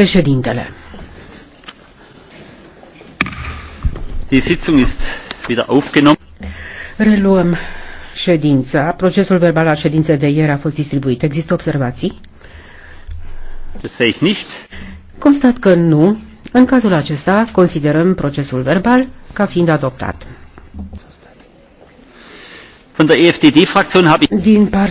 Președintele. Die Sitzung ist wieder aufgenommen. Reluăm ședința. Procesul verbal al ședinței de ieri a fost distribuit. Există observații? Das sehe ich nicht. Constat că nu. În cazul acesta, considerăm procesul verbal ca fiind adoptat. Von der EFDD-Fraktion habe ich...